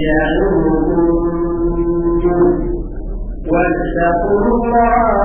يعظكم واتقوا الله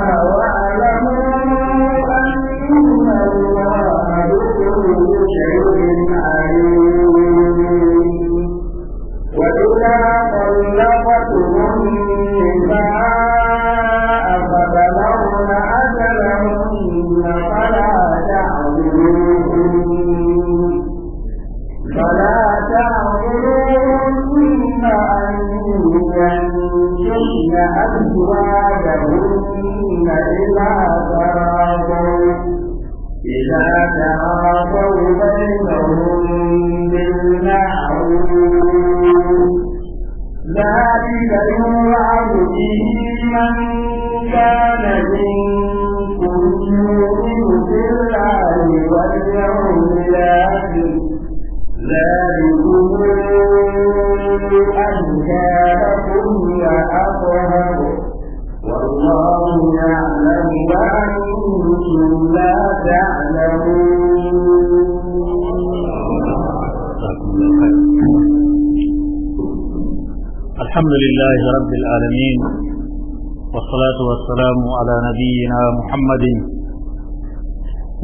محمد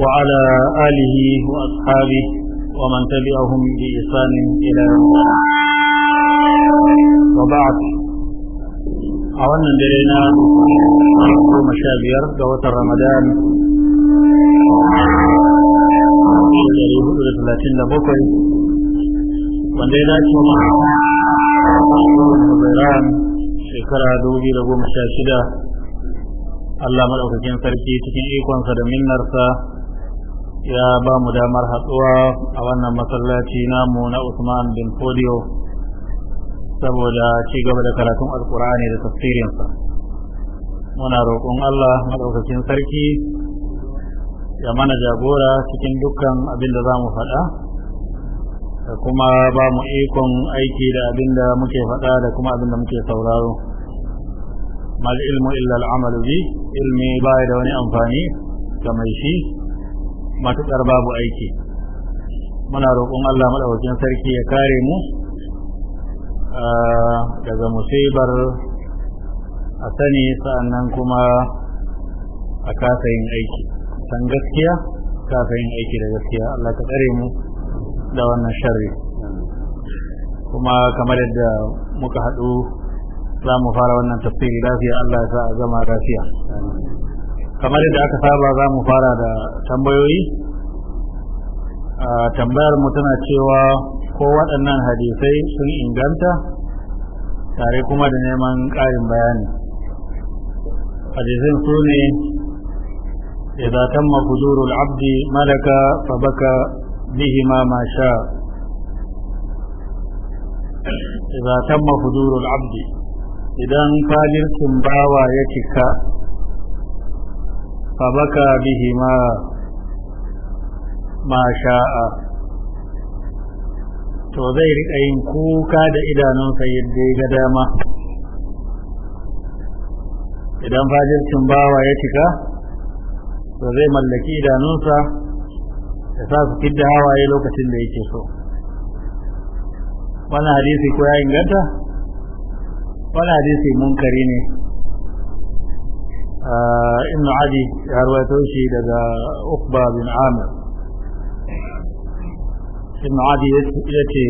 وعلى آله وأصحابه ومن تبعهم بإحسان إلى يوم وبعد أولا درينا مشابير قوة رمضان wanda ya dace ma shekara 2016 Allah madaukakin sarki cikin ikonsa da minnarsa ya ba mu damar hatsuwa a wannan masallaci namu na Usman bin Fodio saboda ci gaba da karatun alkur'ani da tafsirinsa muna roƙon Allah madaukakin sarki ya mana jagora cikin dukkan abin da za mu faɗa da kuma ba mu ikon aiki da abin da muke faɗa da kuma abin da muke sauraro mal ilmu illa al'amalu bi ilmi baya da wani amfani ga mai shi matuƙar babu aiki muna roƙon Allah maɗaukakin sarki ya kare mu daga musibar a sani sa'annan kuma a kasa yin aiki san gaskiya kasa yin aiki da gaskiya Allah ka tsare mu da wannan sharri kuma kamar yadda muka haɗu za mu fara wannan tafsiri lafiya Allah ya sa a zama lafiya kamar yadda aka saba za mu fara da tambayoyi a tambayar mu tana cewa ko waɗannan hadisai sun inganta tare kuma da neman ƙarin bayani hadisin su ne إذا تم فجور العبد ملك فبكى ma ما شاء إذا تم فجور abdi. idan fajircin bawa ya cika fabaka bihi ma sha'a to zai riƙa yin kuka da idanunsa yadda ga dama idan fajircin bawa ya cika to zai mallaki idanunsa ya sa su fidda hawaye lokacin da yake so wannan hadisi ko ya inganta wani hadisi munkari ne ibn adi ya rawaito shi daga ukba bin amir ibn adi ya ce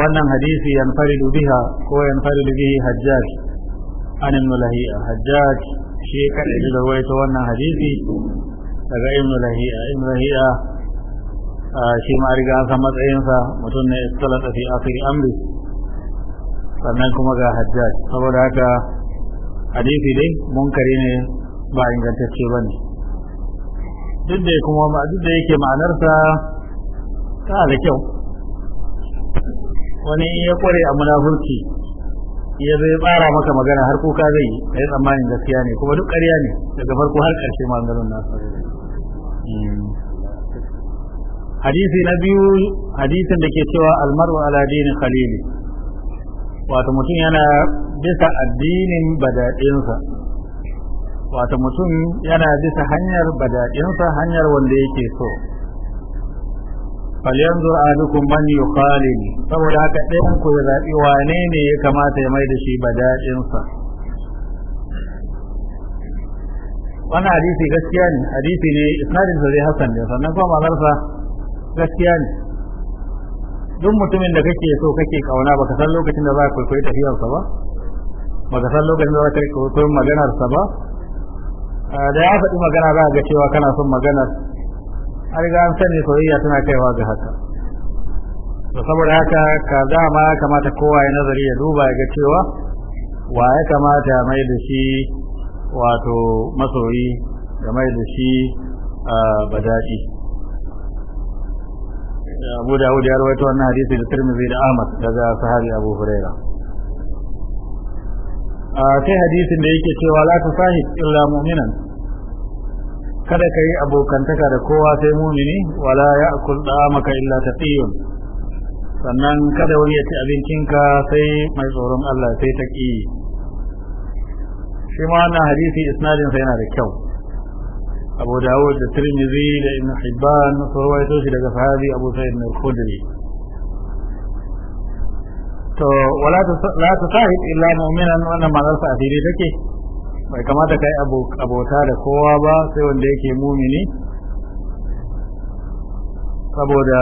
wannan hadisi yan faridu biha ko yan faridu bihi hajjaj an mulahi lahiya hajjaj shi kaɗai da rawaito wannan hadisi daga ibn lahiya ibn a shi ma riga an san matsayinsa mutum ne istalata fi akhiri amri sannan kuma ga hajjaj saboda haka hadisi dai munkari ne ba ingantacce ba ne duk da kuma duk da yake ma'anarsa ta da kyau wani ya kware a munafurci ya zai tsara maka magana har kuka zai yi kai tsammanin gaskiya ne kuma duk ƙarya ne daga farko har ƙarshe maganganun nasa hmm. hadisi na biyu hadisin da ke cewa almaru Aladini khalili wato mutum yana bisa addinin badadinsa wato mutum yana bisa hanyar badaɗinsa hanyar wanda yake so falyanzur ahadukum man yukhalil saboda haka ɗayan ku ya zaɓi wane ne ya kamata ya mai da shi badaɗinsa wannan hadisi gaskiya ne hadisi ne isnadin zai hasan ne sannan kuma malarsa gaskiya ne duk mutumin da kake so kake kauna baka san lokacin da za ka kwaikwayi tafiyarsa ba baka san lokacin da za ka kwaikwayi maganarsa ba da ya faɗi magana za ga cewa kana son maganar Har ga an sani soyayya tana kaiwa ga haka to saboda haka ka dama ya kamata kowa ya nazari ya duba ya ga cewa wa ya kamata ya mai da shi wato masoyi ya mai da shi badaɗi Abu Dawud ya rawaito wannan hadisi da Tirmidhi da Ahmad daga sahabi Abu Huraira a sai hadisin da yake cewa la tusahib illa mu'minan kada ka yi abokantaka da kowa sai mumini wala ya akul maka illa taqiyun sannan kada wani ya ci abincinka sai mai tsoron Allah sai taqi shi ma wannan hadisi isnadin sa yana da kyau abu dawud da tirmidhi da ibn hibban sun rawaito shi daga sahabi abu sa'id ibn khudri to wala ta la ta sahib illa mu'minan wannan ma'anar sa asiri take bai kamata kai abota da kowa ba sai wanda yake mumini saboda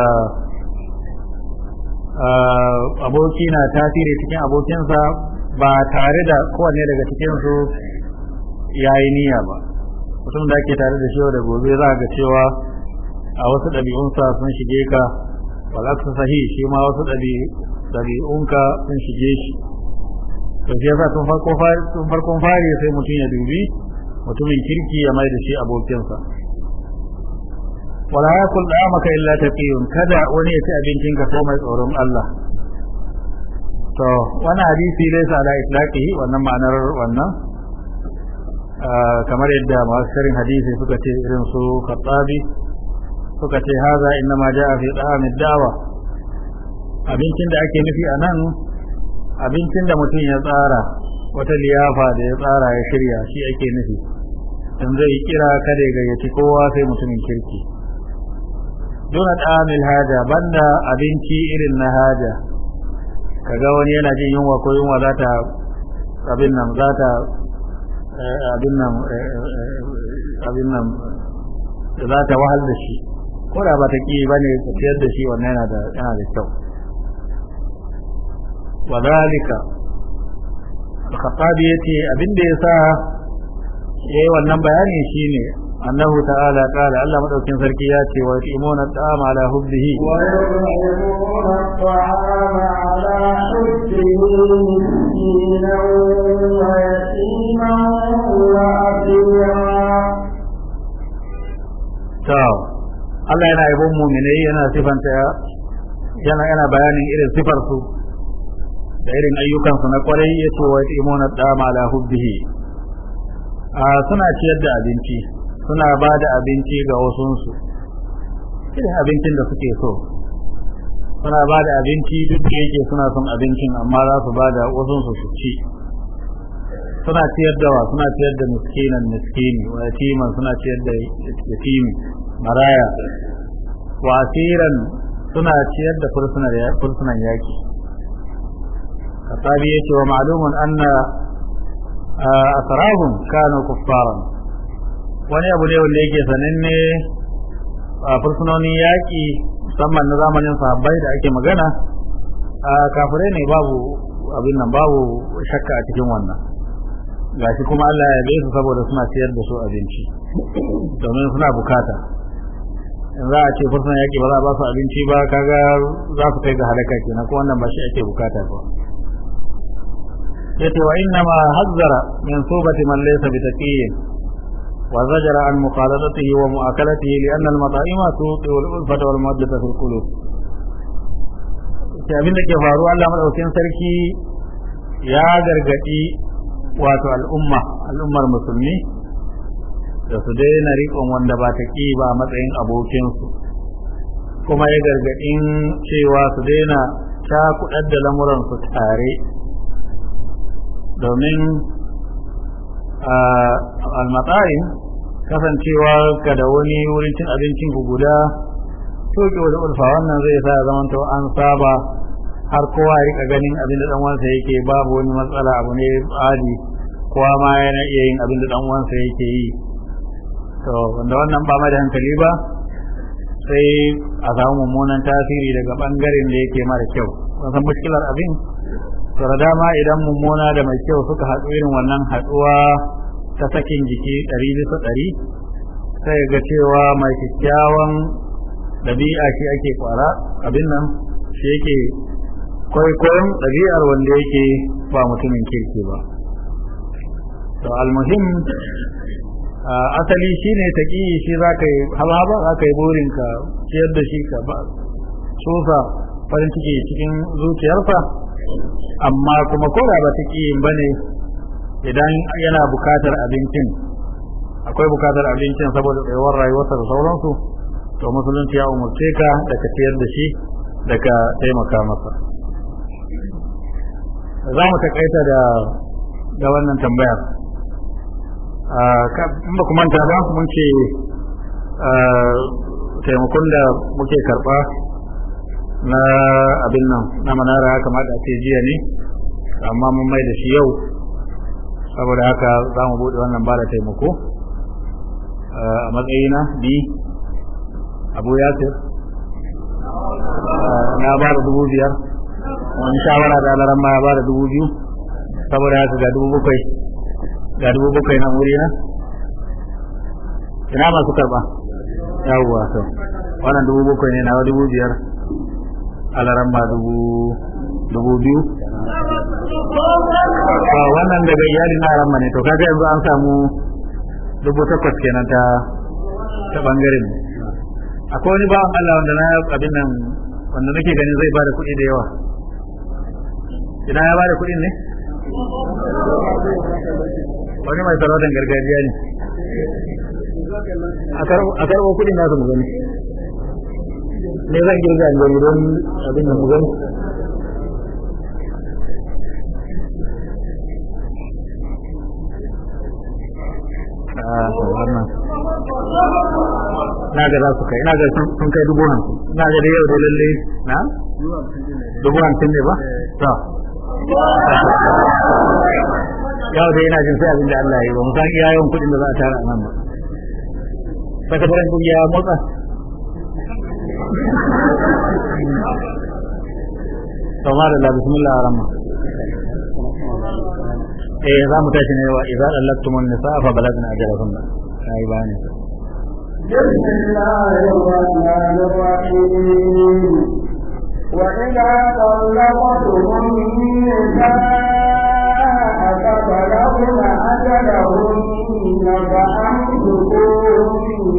ah, aboki na tasiri cikin abokinsa ba tare da kowanne daga cikinsu ya yi niyya ba mutum da ake tare da shi da gobe za ga cewa a wasu ɗabi'unsa sun shige ka wal sahi shi ma wasu ɗabi'unka sun shige shi to shi yasa tun farkon fari sai mutum ya dubi mutumin kirki ya mai da shi abokinsa wala yakul da'amaka illa taqiyun kada wani ya ci abincin ka ko mai tsoron Allah to wani hadisi sa ala itlaqihi wannan ma'anar wannan kamar yadda masu hadisi suka ce irin su khattabi suka ce haza innama ja'a fi ta'amid dawa abincin da ake nufi a nan abincin da mutum ya tsara wata liyafa da ya tsara ya shirya shi ake nufi in zai kira kada ya gayyaci kowa sai mutumin kirki duna ta'amil haja banda abinci irin na haja kaga wani yana jin yunwa ko yunwa za ta abin nan za ta Eh, abin nan eh, eh, abin nan da za ta wahal da shi ko da ba ta ki ba ne tafiyar da shi wannan yana da yana da kyau wa zalika al-khattabi yace abin da yasa yayi wannan bayani shine annahu ta'ala qala Allah madaukin sarki ya ce wa yutimuna ta'ama ala hubbihi wa yutimuna ta'ama ala hubbihi مسكينا Allah yana yabon muminai yana sifanta yana yana bayanin irin sifar su da irin ayyukan su na kwarai yace wa yatimuna dama ala hubbihi suna ciyar da abinci suna ba da abinci ga wasunsu irin abincin da suke so suna ba da abinci duk da yake suna son abincin amma za su ba da wasun su ci suna ciyar da wa suna ciyar da miskinan miskini wa yatiman suna ciyar da yatimi maraya wa asiran suna ciyar da fursunan yaki katabi yace wa ma'lumun anna asrahum kanu kuffaran wani abu ne wanda yake sananne fursunonin yaki musamman na zamanin sahabbai da ake magana kafirai ne babu abin nan babu shakka a cikin wannan gashi kuma Allah ya su saboda suna siyar da su abinci domin suna bukata in za a ce fursunan yaƙi ba za a ba su abinci ba kaga za su kai ga halaka kenan ko wannan ba shi ake bukata ba yace wa inna ma hazzara min subati man laysa وزجر عن مخالطته ومؤاكلته لأن المطاعم توطئ الألفة والمودة في القلوب abin da ke faruwa Allah madaukakin sarki ya gargaɗi wato al'umma al'ummar musulmi da su daina riƙon wanda ba ta ƙi ba matsayin abokinsu kuma ya gargaɗi cewa su daina ta kuɗar da lamuransu tare domin almatsayin kasancewa ka da wani wurin cin abincin ku guda soke wani ulfa wannan zai sa zama to an saba har kowa ya rika ganin abin da dan yake babu wani matsala abu ne adi kowa ma yana iya yin abin da dan yake yi to wanda wannan ba mai da hankali ba sai a samu mummunan tasiri daga bangaren da yake mara kyau wannan mushkilar abin sau dama idan mummuna da mai kyau suka haɗu irin wannan haɗuwa ta sakin jiki ɗari bisa ɗari sai ga cewa mai kyakkyawan ɗabi'a shi ake kwara abin nan shi yake kwaikwayon ɗabi'ar wanda yake ba mutumin kirki ba to almuhim asali shi ne ta shi za ka yi halaba za ka yi burinka ciyar da shi ka ba farin ciki cikin zuciyarsa amma kuma ko da ba ta ki bane idan yana bukatar abincin akwai bukatar abincin saboda tsayuwar rayuwarsa da sauransu to musulunci ya umarce ka da ka da shi da ka taimaka masa za mu takaita da da wannan tambayar in ba kuma ta ba mun ce taimakon da muke karɓa. na abin nan na manara haka kamata ce jiya ne amma mun mai da shi yau saboda haka za mu bude wannan bada taimako eh, a matsayina bi abu ce eh, na ba da dubu biyar wani shawara da alaran ma ya ba da dubu biyu saboda haka ga dubu bakwai ga dubu bakwai na wuri na ina masu karba yawwa to wannan dubu bakwai ne na dubu biyar alaran ba dubu biyu wannan daga iyalin na ma ne to kaga yanzu an samu dubu takwas kenan ta ta bangaren akwai wani ba Allah wanda na abin nan wanda nake ganin zai ba da kuɗi da yawa idan ya ba da kuɗin ne wani mai sarautar gargajiya ne a karɓo kuɗin nasu mu gani ne zan girga da wurin abin da ku gani na ga za su kai na ga sun kai dubu hamsin na ga da yau da lalle na dubu hamsin ne ba to yau da yana jin sai abin da Allah ya yi ba mu san iyayen kuɗin da za a tara a nan ba sakataren kungiya motsa kamar da bismillah arama eh za mu tashi ne wa idza allaktumun nisaa fa balagna ajalahunna ai bani bismillahir rahmanir rahim wa idza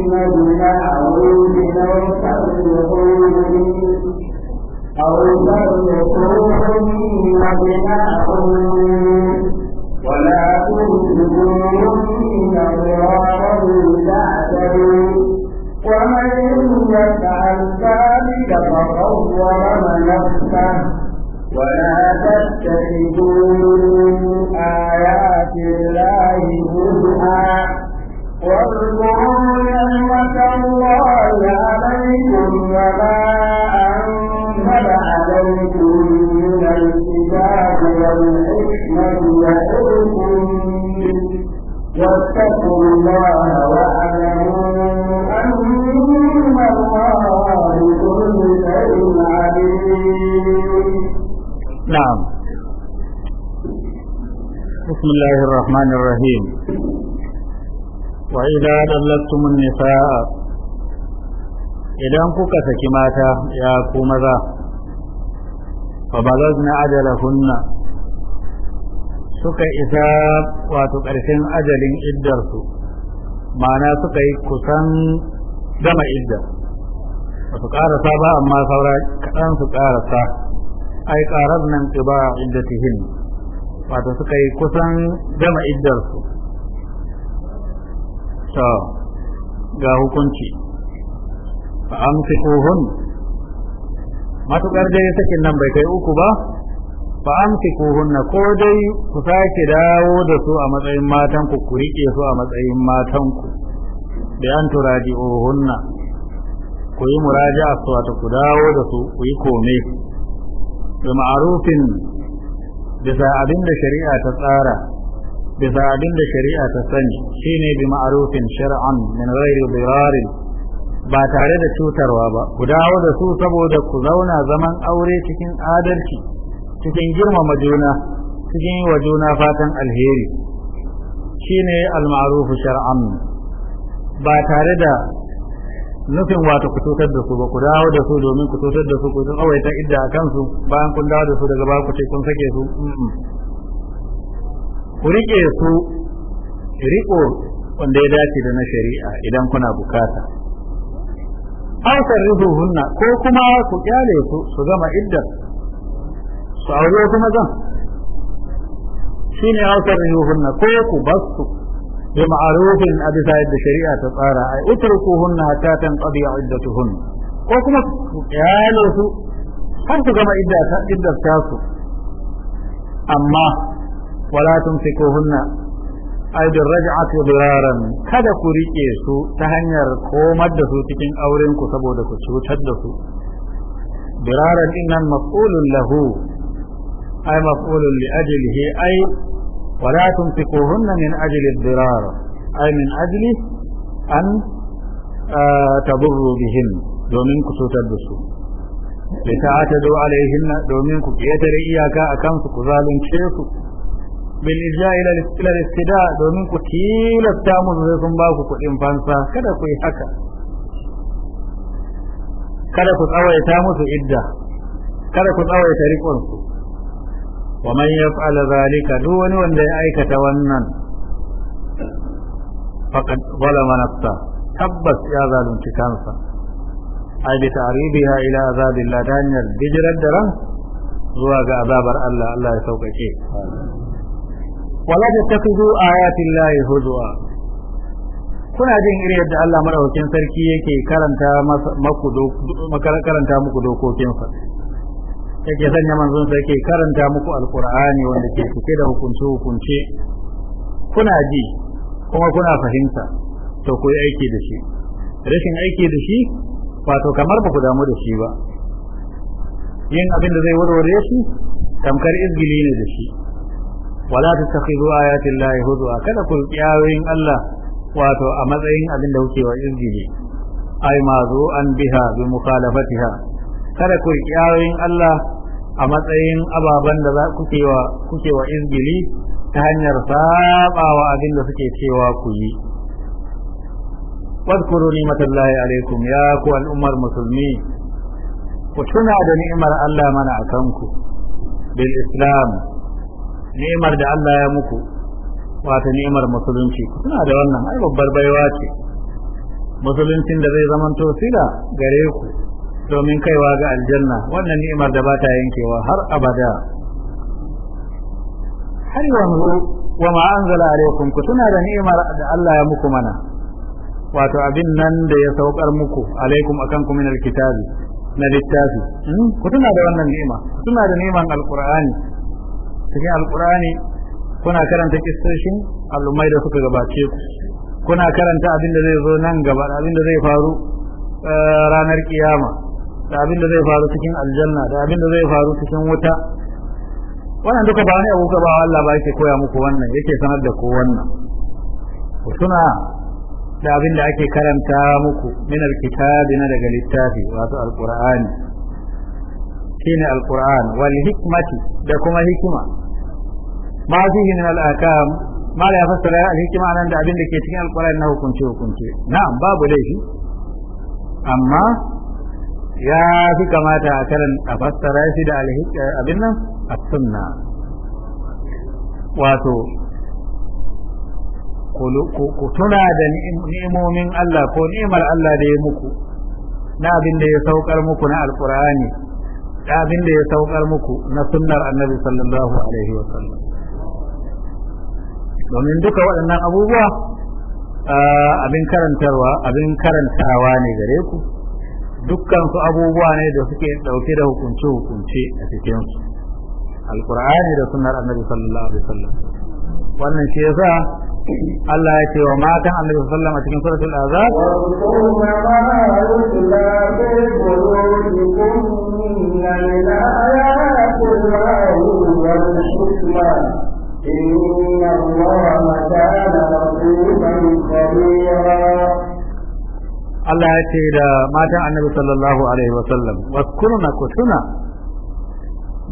بمعروف أو تبلغون أو تبلغوني بمعروف ولا تنفقوني ضرارا تعتدوا ومن يفعل ذلك فقد ظلم نفسه ولا تتخذوا الله عليكم أنزل عليكم من الكتاب والحكمة الله أن الله عليم نعم بسم الله الرحمن الرحيم وإذا طلقتم النساء idan kuka saki mata ya ku maza fa balagna ajalahunna suka isa wato karshen ajalin iddarsu ma'ana suka yi kusan gama iddar ba su ƙarasa ba amma saura kaɗan su ƙarasa ai ƙarar nan inda tihin wato suka yi kusan gama iddarsu ga hukunci fa amsikuhun matukar dai sakin nan bai kai uku ba fa amsikuhun ko dai ku sake dawo da su a matsayin matan ku ku rike su a matsayin matan ku da an ohunna ku yi muraja'a su wato ku dawo da su ku yi kome da ma'arufin bisa abin da shari'a ta tsara bisa abin da shari'a ta sani shine bi ma'arufin shar'an min ghairi dirarin ba tare da cutarwa ba ku dawo da su saboda ku zauna zaman aure cikin adalci cikin girmama juna cikin yi wa juna fatan alheri shine al-ma'ruf shar'an ba tare da nufin wato ku tutar da su ba ku dawo da su domin ku tutar da su ku tsawaita idda a kansu bayan kun dawo da su daga baku ku ce kun sake su ku rike su riko wanda ya dace da na shari'a idan kuna bukata an sarrihuhunna ko kuma ku kyale su su gama iddar su aure kuma zan shine an sarrihuhunna ko ku basu bi ma'rufin a bisa yadda shari'a ta tsara ai utrukuhunna hatta tanqadi iddatuhun ko kuma ku kyale su har su gama iddar ta su amma wala tumsikuhunna ay bir raj'ati diraran kada ku rike su ta hanyar komar da su cikin auren ku saboda ku cutar da su diraran innan maf'ulun lahu ai maf'ulun li ajlihi ay wala tunfiquhunna min ajli dirar Ai min ajli an tadurru bihin domin ku cutar da su da ta ta zo alaihin domin ku ƙetare iyaka a kansu ku zalunce su Bin ija ila ila istida domin ku tilasta musu sai sun ba ku kuɗin fansa kada ku yi haka kada ku tsawaita musu idda kada ku tsawaita riƙonsu. su wa man yaf'al zalika duk wani wanda ya aikata wannan faqad zalama nafsa tabbas ya zalunci kansa ai bi ta'ribiha ila azabillah ta hanyar bijirar da ran zuwa ga azabar Allah Allah ya sauƙaƙe wala tattakhudhu ayati llahi huzwa kuna jin iri yadda Allah madaukakin sarki yake karanta maku muku dokokinsa yake sanya manzon sarki karanta muku alqur'ani wanda ke cike da hukunce hukunce kuna ji kuma kuna fahimta to ku aiki da shi rashin aiki da shi wato kamar ba ku damu da shi ba yin abin da zai warware shi tamkar izgili ne da shi wala tattakhidu ayati llahi huzwa kada ku kiyayoyin Allah wato a matsayin abin da kuke wa izgili ai mazu an biha bi mukhalafatiha kada ku kiyayoyin Allah a matsayin ababen da kuke wa kuke wa izgili ta hanyar sabawa abin da suke cewa ku yi wadkuru ni'matallahi alaikum ya ku al'ummar musulmi ku tuna da ni'imar Allah mana akan ku bil islam ni'imar da Allah ya muku wata ni'imar musulunci kuna da wannan ai babbar baiwa ce musuluncin da zai zamanto sila gare ku domin kaiwa ga aljanna wannan ni'imar da ba ta yankewa har abada har yanzu wa ma anzala alaikum ku da ni'imar da Allah ya muku mana wato abin nan da ya saukar muku alaikum akan ku min alkitabi na littafi hmm? ku tuna da wannan ni'ima ku da ni'iman alqur'ani cikin alkurani kuna karanta kistoshin al'ummai da suka gabace ku kuna karanta abin da zai zo nan gaba Da abin da zai faru eh, ranar kiyama da abin da zai faru cikin aljanna da abin da zai faru cikin wuta wannan duka ba wani abu ka ba Allah ba yake koya muku wannan yake sanar da ku wannan ku tuna da abin da ake karanta muku min alkitabi na daga littafi wato alqur'ani shine alquran wal hikmati da kuma hikima ma fihi min al akam ma la yafassara al hikima nan da abin da ke cikin alquran na hukunce hukunce na'am babu laifi amma ya fi kamata a karan a fassara shi da abin nan a sunna wato ku tuna da ni'imomin Allah ko ni'imar Allah da ya muku na abin da ya saukar muku na alkur'ani abin da ya saukar muku na sunnar annabi sallallahu alaihi wa sallam domin duka waɗannan abubuwa abin karantarwa abin karantawa ne gare ku dukkan su abubuwa ne da suke ɗauke da hukunce hukunce a cikin su alqur'ani da sunnar annabi sallallahu alaihi wa sallam wannan shi yasa Allah ya ce wa matan annabi sallallahu alaihi cikin suratul azab Allah ya ce da matan annabi sallallahu alaihi wasallam waskurna kutuna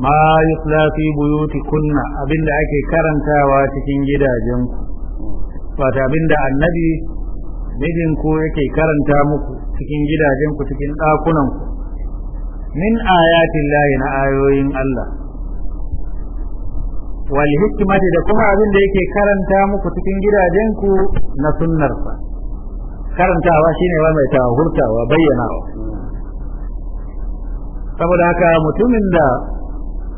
ma yutla fi buyutikunna abinda ake karantawa cikin gidajenku wata abinda annabi mijin ko yake karanta muku cikin gidajen ku cikin dakunan ku min ayatin layi na ayoyin Allah wal hikmati da kuma abin da yake karanta muku cikin gidajen ku na sunnarsa karantawa shine wa mai hurtawa bayyanawa saboda haka mutumin da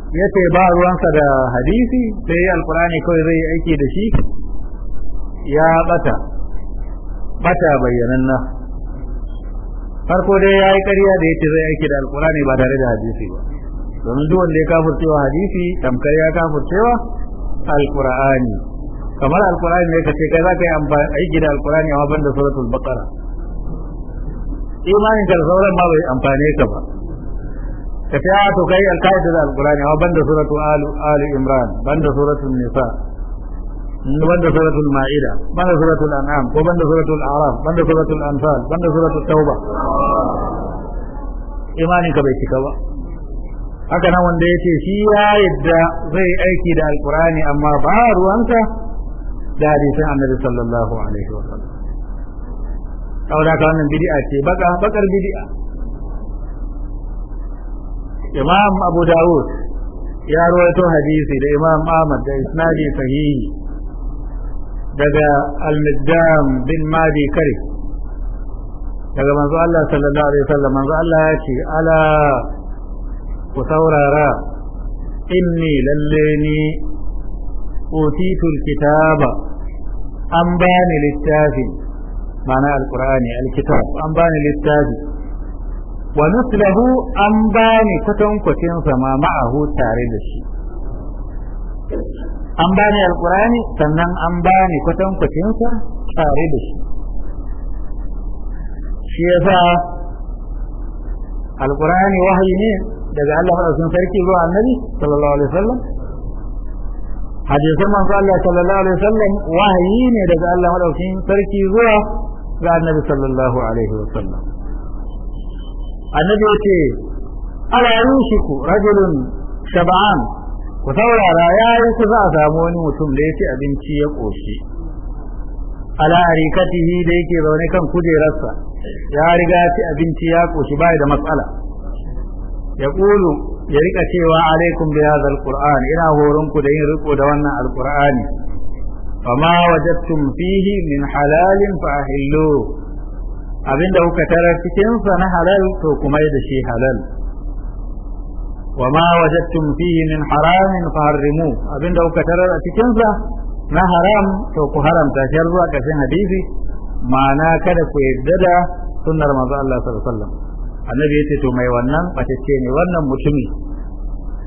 ya ce ba ruwansa da hadisi sai alkurani kawai zai aiki da shi ya bata bata bayyananna farko dai ya yi da yace zai aiki da alqurani ba tare da hadisi ba Don duk wanda ya kafurcewa hadisi tamkar ya kafurcewa alqurani kamar alqurani ne kace kai za ka yi aiki da alqurani amma banda suratul baqara imanin ka sauran ba bai amfane ka ba ka ta ah, to kai alkaida da alkur'ani amma banda suratul ali imran banda suratul nisa بند سورة المائدة بند سورة الأنعام وبند سورة الأعراف بند سورة الأنفال بند سورة التوبة إيمانك بيتك و هكذا من نعم ديتي سيا يدى زي أيكي دا آية القرآن أما بار وأنت دا ديسة النبي صلى الله عليه وسلم أو دا كان من بدئة سي بقى بكر بدئة إمام أبو داود يا رويته حديثي لإمام آمد دا إسنادي صحيح daga al bin madi kare daga manzo Allah sallallahu alaihi wasallam manzo Allah ya ce ala ku saurara inni lalle ni utitul kitaba an bani littafi ma'ana alqur'ani alkitab an bani littafi wa nuslahu an bani kwatankwacin sa ma ma'ahu tare da shi an bani alkurani sannan an bani kwatankwacinsa tare da shi shi yasa alkurani wahayi ne daga Allah madaukakin sarki zuwa annabi sallallahu alaihi wasallam hadisan manzo Allah sallallahu alaihi wasallam wahayi ne daga Allah madaukakin sarki zuwa ga annabi sallallahu alaihi wasallam annabi yace ala yushiku rajulun shab'an ku saurara ya yi ku za a samu wani mutum da ya ci abinci ya ƙoshi ala harikatihi da yake zaune kan kujerarsa ya riga ci abinci ya ƙoshi ba da matsala ya ƙulu ya rika cewa alaikum bi hadha qur'an ina horinku da yin riko da wannan alqur'ani fama wajadtum fihi min halalin fa ahillu abinda kuka tarar cikin na halal to kuma yi da shi halal وما وجدتم فيه من abin da kuka tara a cikinsa na haram to ku haramta shi zuwa ƙarshen hadisi ma'ana kada ku yarda da sunar manzo Allah sallallahu alaihi wasallam annabi yace to mai wannan batacce wannan mutumi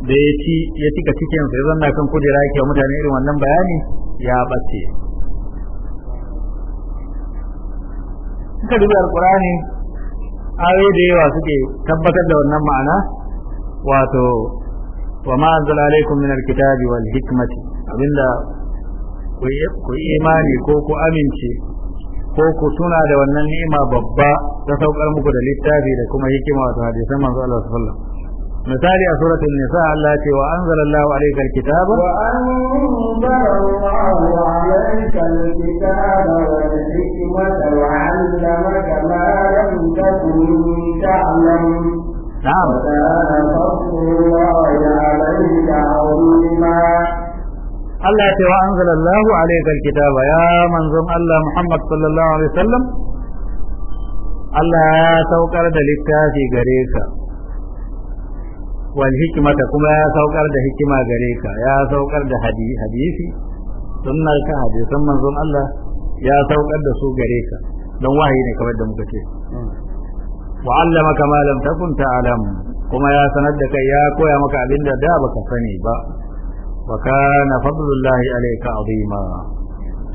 da ya ci ya cika cikin sa zanna kan kujera yake mutane irin wannan bayani ya bace suka dubi alqur'ani ayoyi da yawa suke tabbatar da wannan ma'ana wato wa ma anzala alaikum min alkitabi wal hikmati abinda ku yi imani ko ku amince ko ku tuna da wannan ni'ima babba ta saukar muku da littafi da kuma hikima wato hadisan manzo Allah sallallahu alaihi مثالي سورة النساء التي وأنزل الله عليك الكتاب وأنزل الله عليك الكتاب والحكمة وعلمك ما لم تكن تعلم نعم Allah ya ce wa an zalallahu alaikal kitaba ya manzon Allah Muhammad sallallahu alaihi wasallam Allah ya saukar da littafi gare ka wal hikmata kuma ya saukar da hikima gare ka ya sauƙar da hadisi sunnar ka hadisan manzon Allah ya saukar da su gare ka don wahayi ne kamar da muka ce وعلمك ما لم تكن تعلم كما يا سندك يا كويا مك عبد الله دابك فني با وكان فضل الله عليك عظيما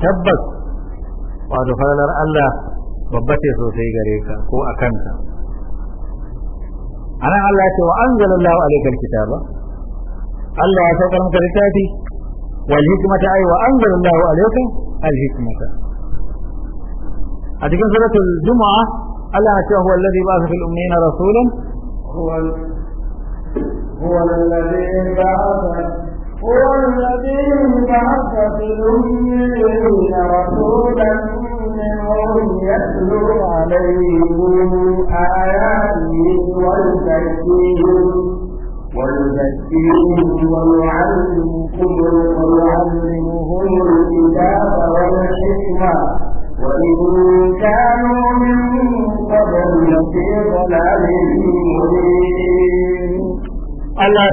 تبت وعد فضل الله ببتي سوسي غريكا كو أكنت أنا الله تعالى وأنزل الله عليك الكتاب الله يسأل لك رسالتي والحكمة أي وأنزل الله عليك الحكمة أتكلم سورة الجمعة ألا هو الذي بعث في الأمين رسولا هو هو الذي بعث هو الذي بعث في الأمين رسولا منهم يتلو عليهم آياته ويزكيهم ويزكيهم ويعلمهم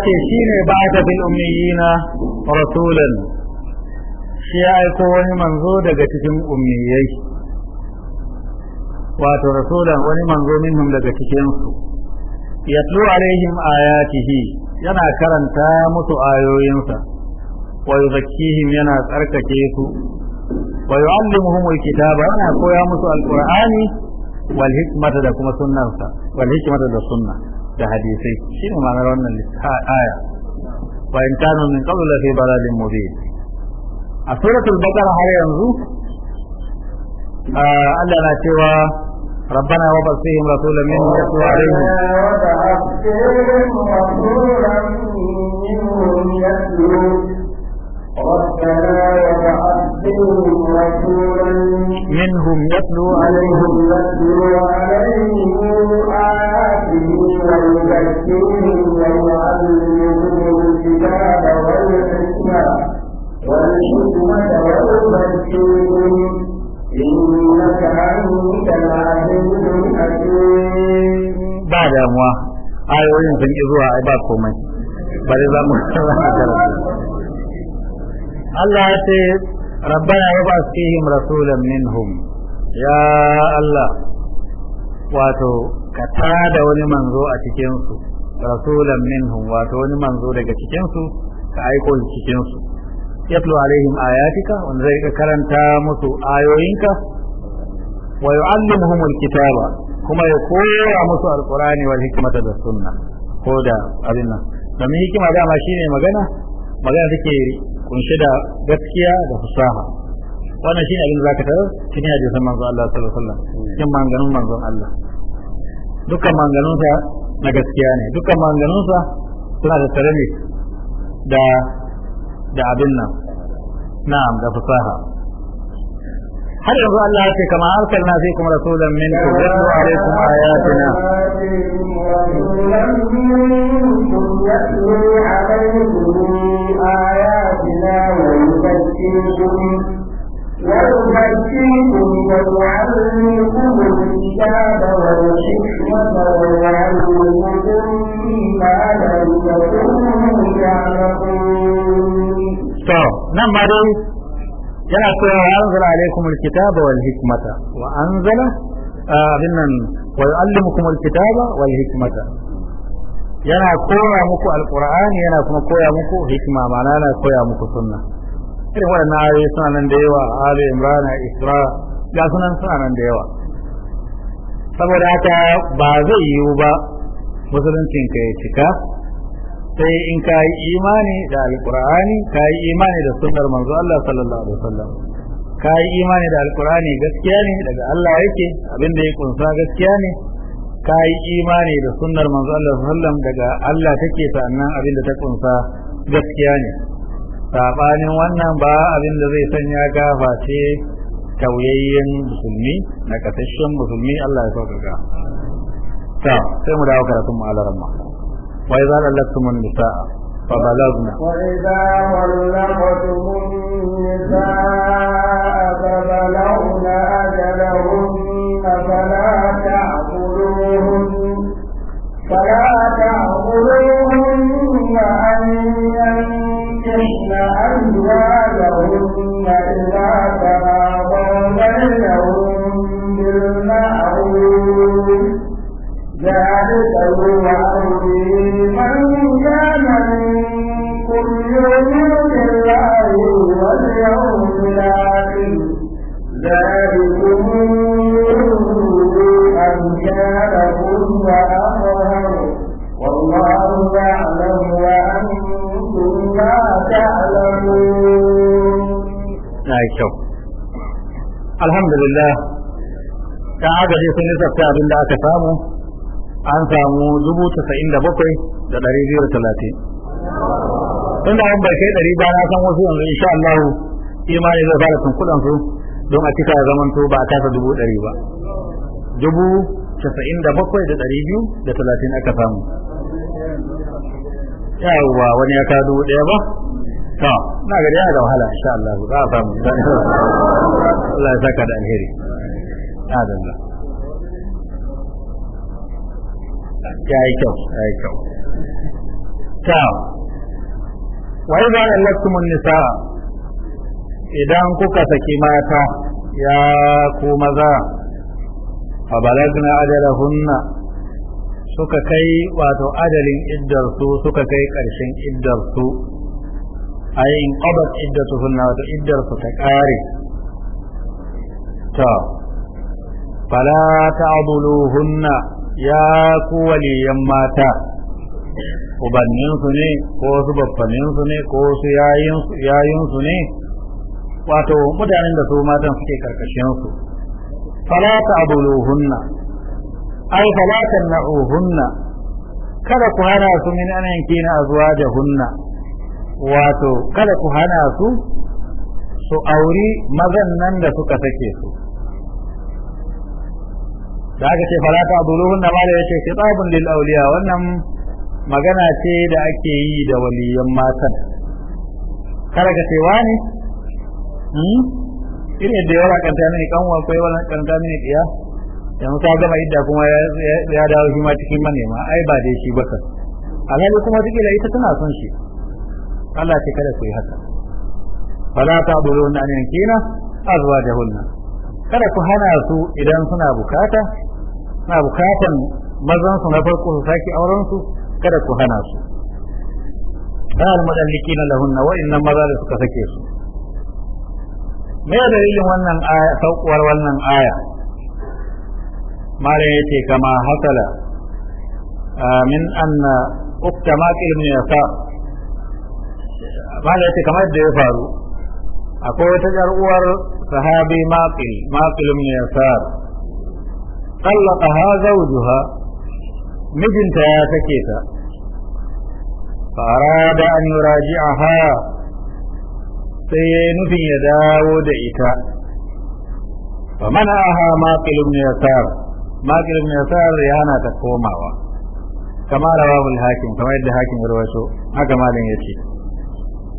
ce shi ne ba ta fi ummiyina rasulan shi ya aiko wani manzo daga cikin ummiyai wato rasulan wani manzo minhum daga cikinsu yatlu alaihim ayatihi yana karanta musu ayoyinsa wa yuzakkihim yana tsarkake su wa yu'allimuhum alkitaba yana koya musu alqur'ani wal hikmata da kuma sunnansa wal hikmata da sunnah da hadisai shine ma'anar wannan aya wa in min qabl fi dalalin mubin a suratul baqara har yanzu Allah na cewa ربنا وبعث فيهم رسولا منهم يتلو عليهم رسولا منهم يتلو ربنا وبعث منهم رسولا منهم يتلو عليهم يتلو عليهم آياته ويزكيهم ويعلمهم الكتاب والحكمة والحكمة ويزكيهم إنك أنت العزيز الحكيم بعد أمواه ayoyin sun ƙi zuwa ai ba komai bari za mu karanta Allah ya ce rabbana wa ba fihim rasulan minhum ya Allah wato ka tada wani manzo a cikin su rasulan minhum wato wani manzo daga cikin su ka aiko cikin su yatlu alaihim ayatika wanda zai karanta musu ayoyinka wa yu'allimuhum alkitaba kuma ya koya musu alqur'ani wal hikmata da sunna ko da abin nan domin hikima ma shine magana magana take kunshe da gaskiya da fasaha wannan shine abin da zaka tarar cikin hadisin manzon Allah sallallahu alaihi wasallam cikin manganun manzon Allah dukkan manganun sa na gaskiya ne dukkan manganun sa suna da tare da da abin nan na'am da fasaha har yanzu Allah ce kama arsalna zai kuma rasulan min ku yatlu alaykum ayatina ويعلمكم الكتاب والحكمة ويعلمكم ما لم تكونوا يعلمون. yana cewa wa anzala alaikum alkitaba wal hikmata wa anzala ah, abin nan wa yuallimukum alkitaba wal hikmata yana koya muku alqur'ani yana kuma koya muku hikma ma'ana yana koya muku sunna irin waɗannan ayoyi suna nan da yawa ali imran isra ga sunan suna nan da yawa saboda haka ba zai yiwu ba musuluncin ka ya cika sai in ka yi imani da alkur'ani ka yi imani da sunnar manzo Allah sallallahu alaihi wasallam ka yi imani da alkur'ani gaskiya ne daga Allah yake abinda ya kunsa gaskiya ne ka yi imani da sunnar manzo Allah sallallahu alaihi wasallam daga Allah take sannan abinda ta kunsa gaskiya ne sabanin wannan ba abinda zai sanya ka face tauyayyen musulmi na kasashen musulmi Allah ya sauka ta sai mu dawo karatun mu alaran وإذا طلقتم النساء فبلغنا وإذا طلقتم النساء فبلغن أجلهن فلا تعقلوهن فلا تعقلوهن أن alhamdulillah ta agaje sun lissafta abin da aka samu an samu dubu casa'in da bakwai da ɗari biyar da talatin tun da an kai ɗari ba na san wasu yanzu insha Allah imani zai fara tunkuɗan su don a cika zaman to ba a kasa dubu ɗari ba dubu casa'in da bakwai da ɗari biyu da talatin aka samu yawwa wani ya kawo dubu ɗaya ba to na gari ya da wahala insha Allah za a samu Allah ya saka da alheri adalla ya yi kyau ya yi kyau ta wa idza allaktumun nisa idan kuka saki mata ya ku maza fa balagna ajalahunna suka kai wato adalin iddar su suka kai karshen iddar su ayin qabat iddatuhunna wato iddar su ta kare to fala abuluhunna ya ku waliyan mata ubanninsu ne ko su babbaninsu ne ko su yayinsu ne wato mutanen da su matan suke karkashinsu fala abuluhunna ai fala na'uhunna kada ku hana su min anan kina azuwa da hunna wato kada ku hana su su auri mazan nan da suka sake su da aka ce fala ta duruhun na bala yace kitabun lil awliya wannan magana ce da ake yi da waliyan matan kada ka ce wani hmm da yawa kan ta mini kanwa kai wala kan ta mini diya yanzu ta gama idda kuma ya dawo shi ma cikin manema ai ba dai shi ba ka alhali kuma duk ila ita tana son shi Allah ce kada ku yi haka fala ta duruhun an yankina azwajahunna kada ku hana su idan suna bukata suna bukatan mazan su na farko su saki auren su kada ku hana su al madalliki na lahunna wa'annan maza da suka sake su me ya dalilin wannan aya saukuwar wannan aya malam yace kama hasala min anna ukta maqil min yasar malam yace kamar da ya faru akwai wata jar صحابي ماقل ماقل من يسار طلقها زوجها مجن تياتكيتا فأراد أن يراجعها في يداو دئتا فمنعها ماقل من يسار ماقل من يسار ريانا تقومها كما رواه الحاكم كما يد الحاكم يروسو هكما لن يشي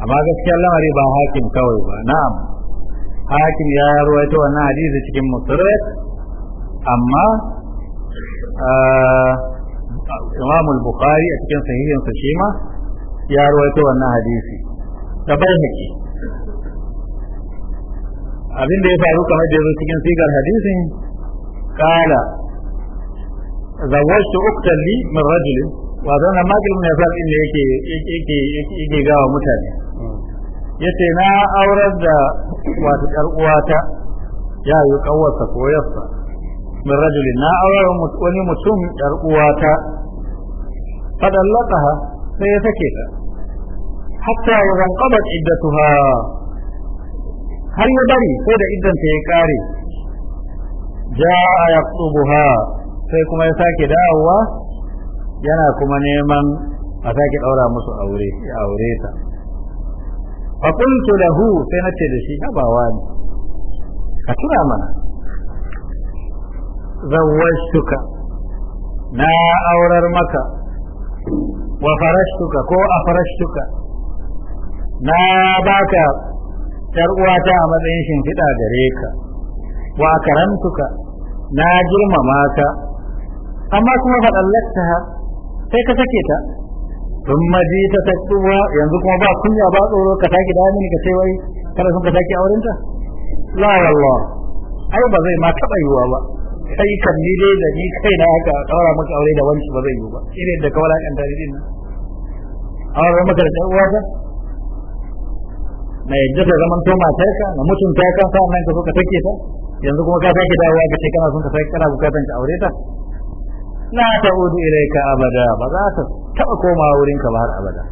أما قلت lamari ba hakim kawai ba hakim ya rawaito wannan hadisi cikin musnad amma imam al-bukhari a cikin sahihin sa shi ma ya rawaito wannan hadisi da bayhaqi abin da ya faru kamar da cikin sigar hadisin kala zawajtu uqtan li min rajulin wa zana magil min yake yake yake gawa mutane yace na aurar da wato yar uwata ya yi ƙawarsa ko yarsa min rajulin na aurar wani mutum yar uwata fadallaqaha sai ya sake ta hatta idan qadat ha har ya bari sai da iddanta ya kare ja'a ha sai kuma ya sake dawowa yana kuma neman a sake ɗaura musu aure ya aure ta fa qultu lahu sai na ce da shi habawa ne ka tura mana zawwajtuka na aurar maka wa farastuka ko a farashtuka na baka yar uwata a matsayin shimfiɗa gare ka wa karantuka na girmama ka amma kuma faɗallakta sai ka sake ta sun maji ta tattuwa yanzu kuma ba kunya ba tsoro ka taki da mini ka ce wai kada sun ka auren aurenta la wallah ai ba zai ma taba yiwa ba sai kan ni dai da ni kai na aka tsara maka aure da wani ba zai yiwu ba ire da kawara kan dalilin din aure maka da uwa ta na yadda ta zaman to sai ka na ta ka sa nan ka so ka take ta yanzu kuma ka sake dawowa ka ce kana son ka sake kana bukatan ka aure ta la ta'udu ilayka abada ba za ta taba komawa wurinka ba har abada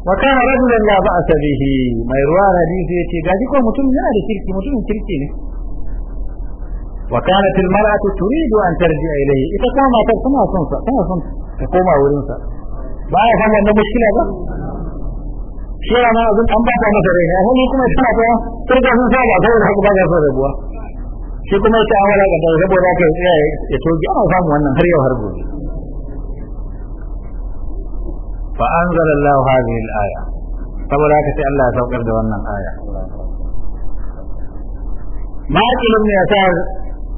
wa kana rajulan la ba'sa bihi mai ruwa hadisi yace gaji ko mutum yana da kirki mutumin kirki ne wa kanat al mar'atu turidu an tarji'a ilayhi ita kuma matar tana son sa tana son ta koma wurin sa ba ya san wannan mushkila ba shi ma azun an ba ta masa rai ne kuma tana ta turga sun saba saboda haka ba za su rabuwa shi kuma ya ce an wala gaba saboda ka ya ya toji ana samu wannan har yau har gobe fa anzala Allah hadhihi al-aya saboda haka sai Allah ya saukar da wannan aya Ma'aikil ibn Yasar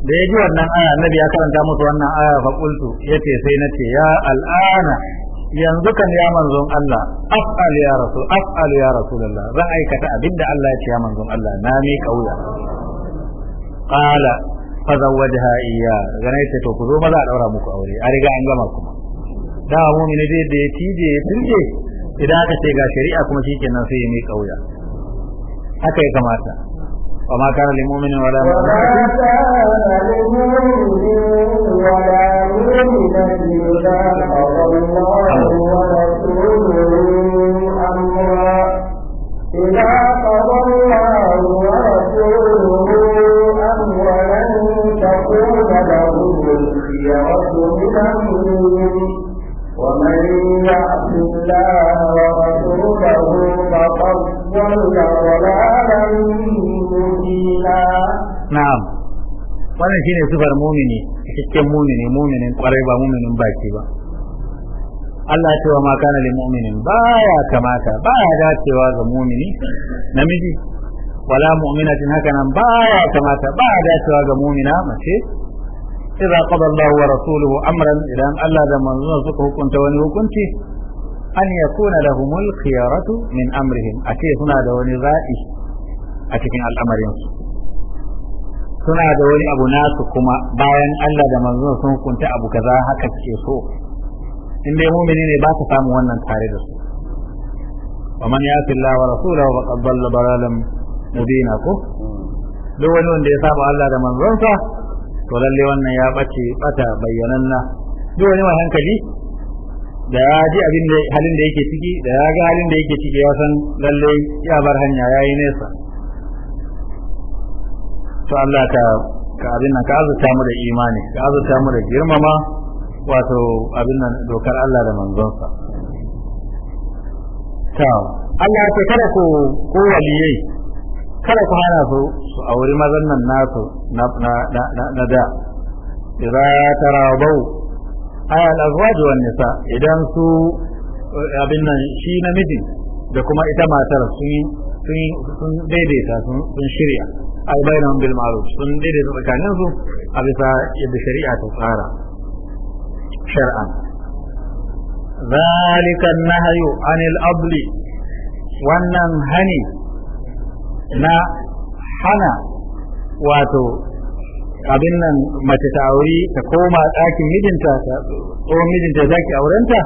da ya ji wannan aya Annabi ya karanta musu wannan aya fa qultu yace sai nace ya al'ana yanzu kan ya manzon Allah af'al ya rasul af'al ya rasulullah za aikata abinda Allah ya ce ya manzon Allah na mi kauya qala fazawwajha iya gane ce to ku zo maza a daura muku aure a riga an gama kuma da mu'mini dai da ya tije tunje idan aka ce ga shari'a kuma shikenan sai ya mai kauya haka ya kamata وما كان لمؤمن ولا مؤمن إذا قضى الله رسولا ومن يعص الله ورسوله فقد ضل ضلالا مبينا نعم wannan mumini mumini muminin kwarai ba muminin baki ba Allah cewa ma kana lil mu'minin ya kamata ya dacewa ga mumini namiji wala mu'minatin haka nan ya kamata ba ya dacewa ga mumina mace idza qada Allahu wa rasuluhu amran idan Allah da manzon suka hukunta wani hukunci an yakuna lahumul khiyaratu min amrihim ace suna da wani za'i a cikin al'amarin su suna da wani abu nasu kuma bayan Allah da manzon sun hukunta abu kaza haka suke so in dai mu'mini ne ba ka samu wannan tare da su wa man yati Allah wa ko wani wanda ya saba Allah da manzonsa. to lalle wannan ya bace bata bayyananna duk wani mai hankali da ya ji abin da halin da yake ciki da ya ga halin da yake ciki ya san lalle ya bar hanya ya yi nesa to Allah ka ka abin nan ka azurta mu da imani ka azurta mu da girmama wato abin nan dokar Allah da manzonsa to Allah ya ce ku ku waliyai kada ku hana su su auri mazan nan nasu na da idza tarabau ay al azwaj wan nisa idan su abin nan shi namiji da kuma ita matar sun sun daidaita sun shirya ay bainahum bil ma'ruf sun daidaita tsakanin su a bisa yadda shari'a ta tsara shar'an zalika an-nahyu anil abli wannan hani na hana wato abin nan mace ta aure ta koma ɗakin mijinta ta tsohon mijinta za ki aurenta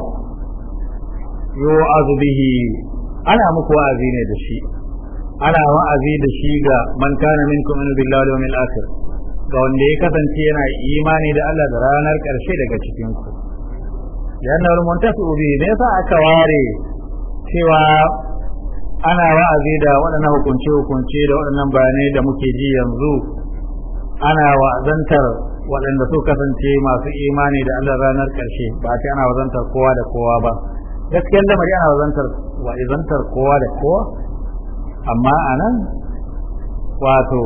yo azubihi ana muku wa'azi ne da shi ana wa'azi da shi ga man kana minkum an billahi wal akhir ga wanda ya kasance yana imani da Allah da ranar karshe daga cikin ku yana rumunta su ubi ne yasa aka ware cewa ana wa'azi da waɗannan hukunce-hukunce da waɗannan bayanai da muke ji yanzu ana wa'azantar waɗanda su kasance masu imani da Allah ranar ƙarshe ba ta ana wa'azantar kowa da kowa ba gaskiyar lamari ana wa'azantar wa'azantar kowa da kowa amma a nan wato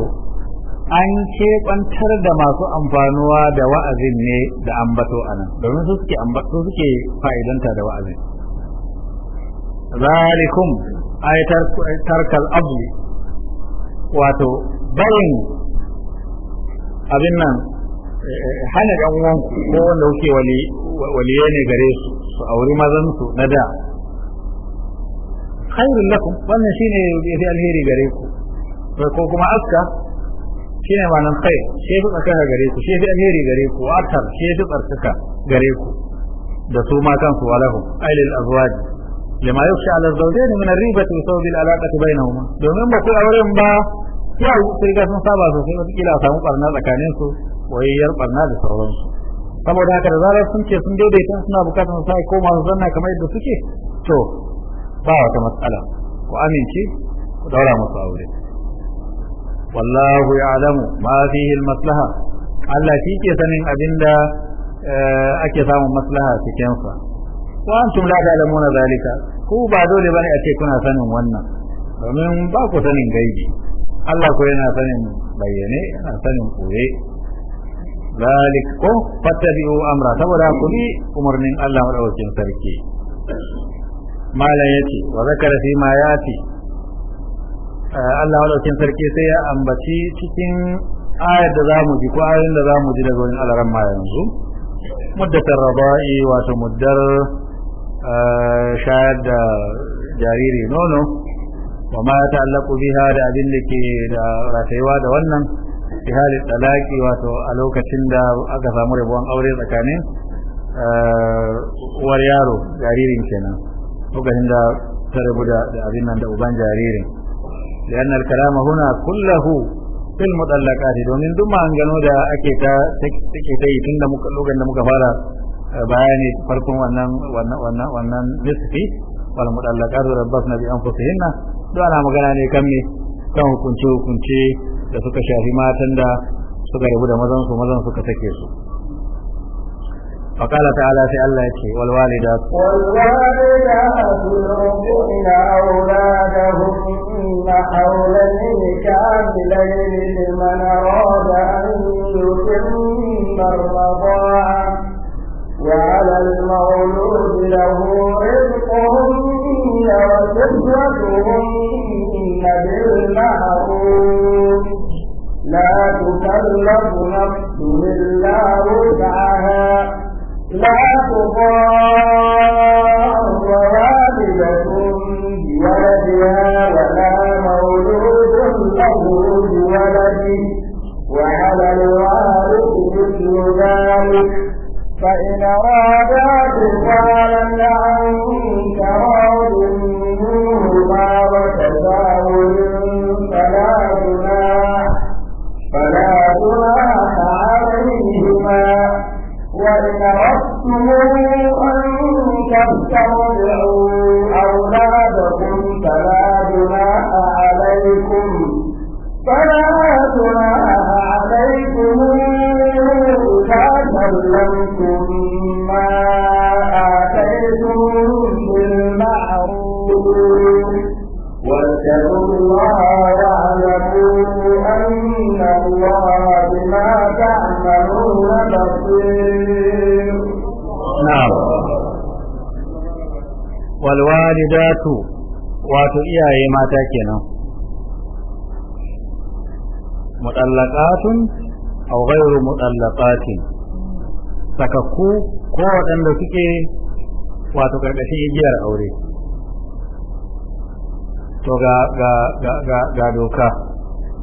an keɓantar da masu amfanuwa da wa'azin ne da ambato a nan domin su suke suke fa'idanta da wa'azin zalikum ayatar tarkal abli wato bayin abin nan eh, eh, hana ɗan uwanku ko wanda kuke waliye ne gare su su auri mazan su na da khairun lakum wannan shine yafi alheri gare ku ko kuma aska shine nan kai shi yafi tsakaka gare ku shi yafi alheri gare ku atar shi yafi tsarkaka gare ku da su ma kansu walahu ailil azwaji lima yau sha alar ne minar riba ta sau bil alaƙa bai na domin ba auren ba ya sai ga sun saba sosai wata kila samu barna tsakanin su wayayyar barna da sauransu saboda haka da zarar sun ce sun daidaita suna bukatar su sai koma su zanna kamar yadda suke to ba wata matsala ku amince ku daura musu aure wallahu ya'lamu ma fihi al-maslaha Allah shi ke sanin abinda ake samun maslaha cikin sa wa antum la ta'lamuna zalika ku ba dole bane a ce kuna sanin wannan domin ba ku sanin gaibi Allah ko yana sanin bayyane yana sanin koye zalik ko fattabi'u amra saboda ku bi umarnin Allah madaukakin sarki malam yace wa zakara fi ma yati eh, Allah madaukakin sarki sai ya ambaci cikin ayar da zamu ji ko ayoyin da zamu ji daga wurin Allah ma yanzu muddatar rabai wato muddar shayar da jariri nono wa ma ta'allaqu biha da abin da ke da rayuwa da wannan fi hali talaki wato a lokacin da aka samu rabuwan aure tsakanin uwar yaro jaririn kenan lokacin da ta rabu da abin nan da uban jaririn lianna al karama huna kullahu fil mutallaqati domin duk ma an gano da ake ta take ta yi tunda muka lokacin da muka fara bayani farkon wannan wannan wannan nisfi wal mudallaqat rabbasna bi anfusihinna duk ana magana ne kan me kan hukunce hukunce da suka shafi matan da suka rabu da mazan su mazan suka take su فقال تعالى في الله يكي والوالدات والوالدات يربئن أولادهن حولين كاملين لمن أراد أن يتم الرضاعة وعلى المولود له رزقهن وكسوتهن بالمعروف لا تكلف نفس إلا وسعها لا تضار والدة بولدها ولا مولود له بولده وعلى الوارث مثل ذلك فإن أرادا تفالا عن تراض منهما وتساهل فلا جناح فلا جناح عليهما وإن أردتم أن تسترجعوا أولادكم فلا جناح عليكم فلا جناح walwalidatu wato iyaye mata kenan Mu mudallaqatun aw ghayru mudallaqatin sakakku ko waɗanda suke wato karkashin igiyar aure to ga ga ga ga ga doka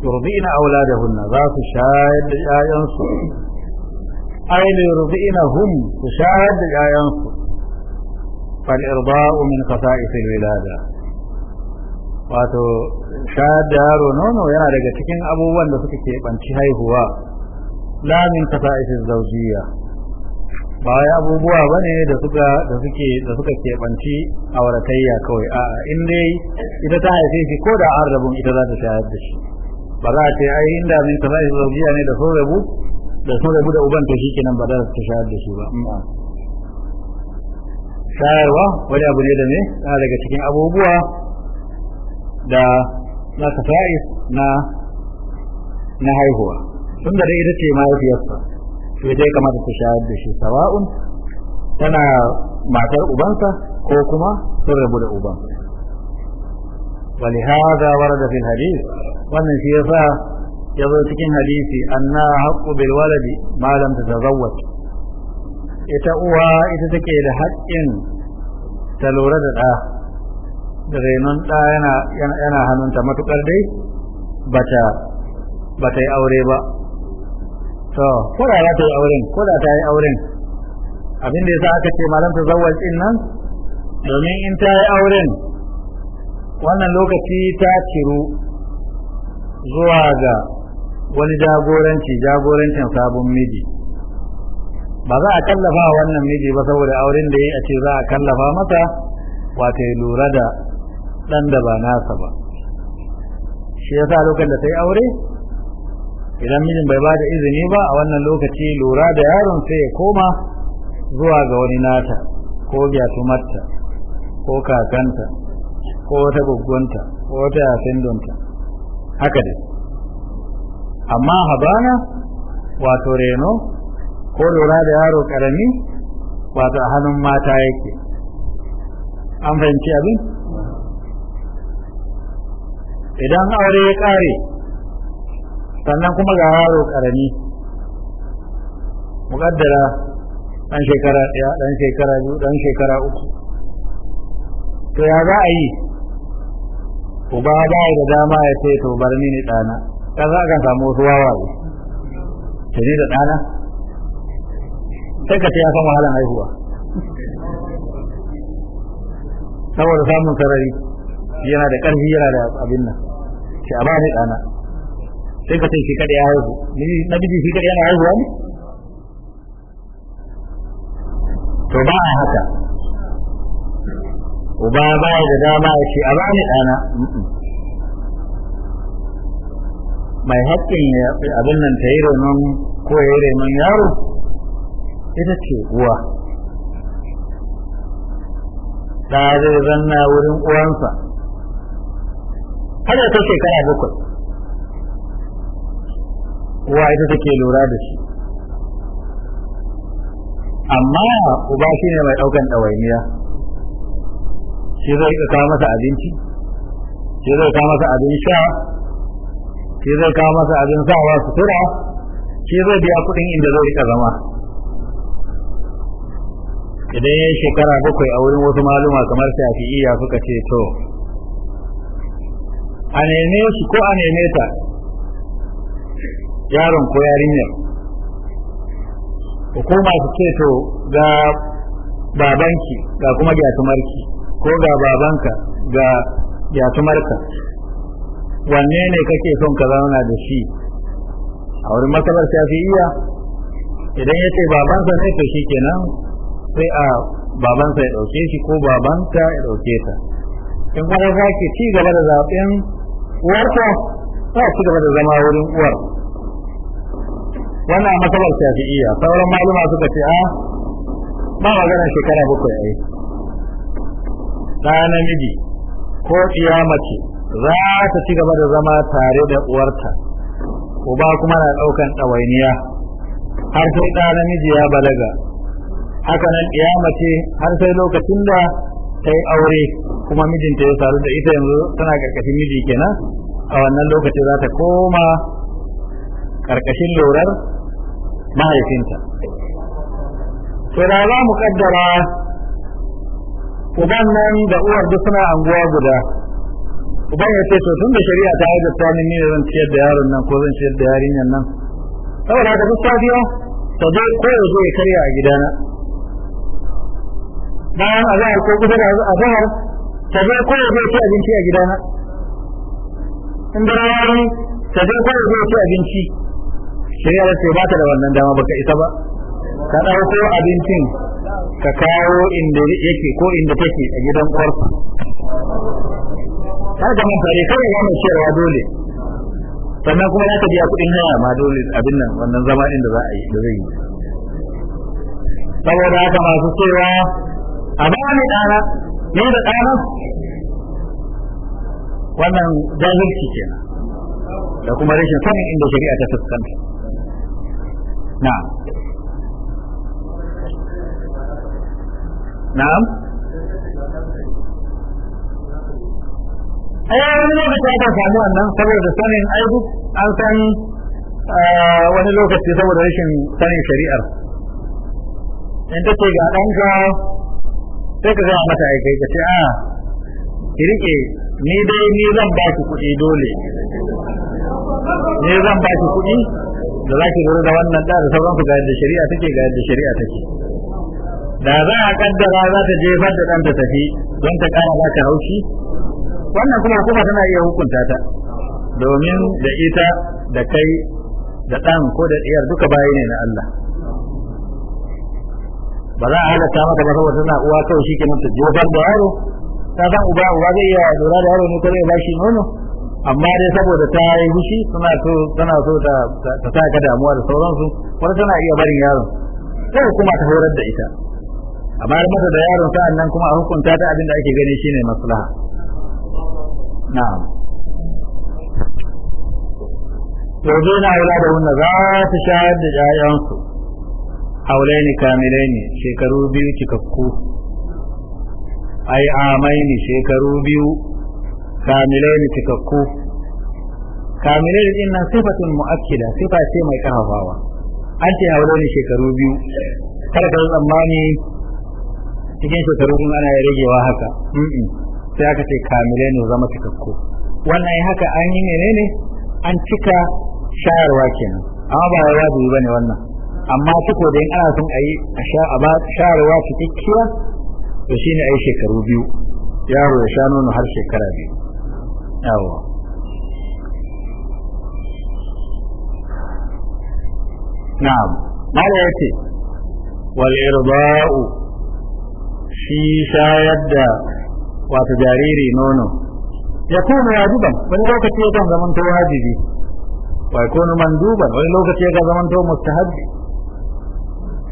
yurdina auladahunna za su shayar da ƴaƴansu aina yurdina hum su shayar da ƴaƴansu fal irda'u min qasa'is wilada wato shayar da yaro nono yana daga cikin abubuwan da suka keɓanci haihuwa la min qasa'is zawjiyya ba wai abubuwa ba ne da suka da suke da suka keɓanci auratayya kawai a in dai ita ta haife shi ko da an rabun ita za ta shayar da shi ba za a ce ai inda mai ta zai zaujiya ne da sun rabu da sun rabu da uban ta shi kenan ba za ta shayar da shi ba shayarwa wani abu ne da ne daga cikin abubuwa da na tafa'is na na haihuwa tun da dai ita ce mahaifiyarsa sai dai ya kamata ta shayar da shi sawa'un tana matar ubanka ko kuma sun rabu da uban ولهذا ورد في الحديث yasa ya zo cikin hadisi anna haqqu bil waladi ma lam tatazawwaj ita uwa ita take da haƙƙin ta lura da ɗa da renon ɗa yana hannunta matuƙar dai bata bata yi aure ba to ko da za ta yi auren ko da ta yi auren abin da yasa aka ce malam ta zawwaj din nan domin in ta yi auren wannan lokaci ta ciru zuwa ga wani jagoranci jagorancin sabon miji ba za a kallafa wannan miji ba saboda auren da ya a ce za a kallafa masa wata yi lura da ɗan da ba nasa ba shi yasa lokacin da ta yi aure idan mijin bai bada izini ba a wannan lokaci lura da yaron sai ya koma zuwa ga wani nata ko ya tumatta ko kakanta ko wata gugunta ko wata yasindunta haka dai amma habana wato reno ko lura da yaro karami wato a hannun mata yake an fahimci abin idan aure ya kare sannan kuma ga yaro karami muƙaddara ɗan shekara ɗaya ɗan shekara biyu ɗan shekara uku to ya za a yi uba ba da dama ya ce to bar ni ni ɗana ka za ka samu wasu wawa ta ne da ɗana sai ka ce ya san wahalar haihuwa saboda samun sarari yana da ƙarfi yana da abin nan ce a ba ni ɗana sai ka ce shi kada ya haihu ni namiji shi kada yana haihuwa ne to ba a haka uba ba da dama ya ce a ba ni ɗana mai haƙƙin abin nan ta yi raunin ko ya yi raunin yaro ita ce uwa ta zai zanna wurin uwansa har ta shekara bakwai kowa ita take lura da shi amma uba shi ne mai ɗaukan ɗawainiya shi zai ka kawo masa abinci shi zai kawo masa abin sha shi zai kawo masa abin sawa sutura shi zai biya kuɗin inda zai rika zama idan ya shekara bakwai a wurin wasu maluma kamar shafi'iyya suka ce to a neme shi ko a neme ta yaron ko yarinyar hukuma su ce to ga babanki ga kuma gyatumarki ko ga babanka ga gyatumarka wanne ne kake son ka zauna da shi a wurin matsalar shafi'iyya idan ya ce babansa ne to shi kenan sai a babansa ya ɗauke shi ko babanka ya ɗauke ta in kuma za ci gaba da zaɓen uwarta za ci gaba da zama wurin uwar wannan matsalar shafi'iyya sauran maluma suka ce a ah, ba magana shekara bakwai yi. ɗa namiji ko iya mace za ta ci gaba da zama tare da uwarta uba kuma na ɗaukan ɗawainiya har sai ɗa namiji ya balaga haka nan iya mace har sai lokacin da ta yi aure kuma mijinta ya saru da ita yanzu tana ƙarƙashin miji kenan a wannan lokaci za ta koma ƙarƙashin lorar mahaifinta to da za mu kaddara uban nan da uwar duk suna anguwa guda uban ya ce to tun da shari'a ta haɗa ta ni ne zan ciyar da yaron nan ko zan ciyar da yarinyar nan saboda haka duk safiya ta zo ko ya zo ya karya a gidana bayan azahar ko kusa da azahar ta zo ko ya zo ya ci abinci a gidana in da rawa ta zo ko ya zo ya ci abinci shari'a ce ba ta da wannan dama baka isa ba ka ɗauko abincin ka kawo inda yake ko inda take a gidan uwarsa har da mun fare kawai ya mai cewa dole sannan kuma za ta biya kuɗin haya ma dole abin nan wannan zama din da za a yi da zai yi saboda haka masu cewa a bani ɗana ne da ɗana wannan jahilci kenan da kuma rashin sanin inda shari'a ta fuskanta na'am na'am ai wani lokaci aka samu wannan saboda sanin aibu an san wani lokaci saboda rashin sanin shari'ar in ta ce ga ɗanka sai ka gaya mata aikai ka a ki ni dai ni zan ba kuɗi dole ni zan ba kuɗi da za ki lura da wannan da da sauransu ga yadda shari'a take ga yadda shari'a take da za a kaddara za ta jefar da ɗan ta tafi don ta kara za ka haushi wannan kuma kuma tana iya hukunta ta domin da ita da kai da ɗan ko da ɗiyar duka bayi ne na Allah ba za a halatta mata ba saboda tana uwa kawai shi ke mata jefar da yaro ta san uba uba zai iya lura da yaro ne ko zai ba shi nono amma dai saboda ta yi hushi suna so tana so ta saka damuwa da sauransu wani tana iya barin yaron sai kuma ta horar da ita a bayar mata da yaron sa'an nan kuma a hukunta ta abin da ake gani shine maslaha na'am yarduna auladahunna za ta shayar da ƴaƴansu haulaini kamilaini shekaru biyu cikakku ai amaini shekaru biyu kamilai ne cikakku kamilai din nan mu'akkida sifa ce mai karfafawa an ce haure ne shekaru biyu kada ka tsammani cikin shekaru kuma ana ragewa haka sai aka ce kamilai ne zama cikakku wannan ya haka an yi menene an cika shayarwa kenan amma ba ya wajibi bane wannan amma ciko da yin ana son a yi a shayarwa cikakkiya to shine a shekaru biyu yaro ya sha nono har shekara biyu ايوه نعم ماذا يأتي والإرضاء في شايد وتجاريري نونو يكون واجبا كتير كان زمن تو واجبي ويكون مندوبا كتير كان زمن تو مستحب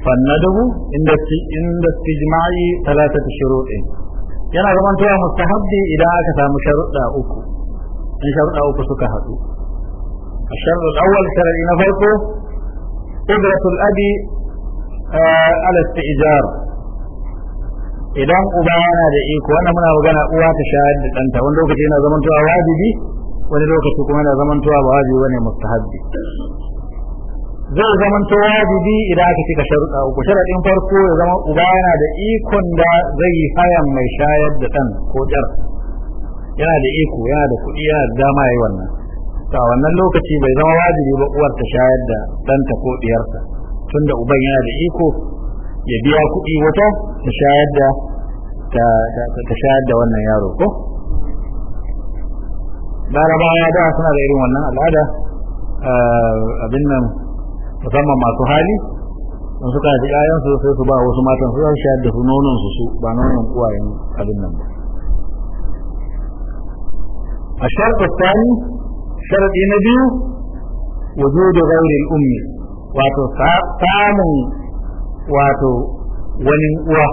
فالندب عند عند استجماع ثلاثة شروط يعني زمن تو مستحب إذا samu sharuɗa أوكو in sharuɗa uku suka haɗu A الشرط الأول شرعي نفرقه قدرة الأب على استئجار idan uba yana da iko wannan muna magana uwa ta shayar da ɗanta wani lokaci yana zamantowa wajibi wani lokaci kuma yana zamantowa ba wajibi wani mustahabbi zai zamanto wajibi idan aka cika sharuɗa uku sharaɗin farko ya zama uba yana da ikon da zai yi hayan mai shayar da ɗan ko ƴar yana da iko yana da kuɗi yana da dama yayi wannan to wannan lokaci bai zama wajibi ba uwar ta shayar da ɗanta ko ɗiyarsa tunda uban yana da iko ya biya kuɗi wata ta shayar da ta shayar da wannan yaro ko larabawa da suna da irin wannan al'ada eh, abin nan musamman masu hali in suka ji sai su ba wasu matan su shayar da su nonon su su ba nonon uwayen abin nan ba الشرط الثاني شرط النبي وجود غير الأم واتو سامو واتو ونن أوا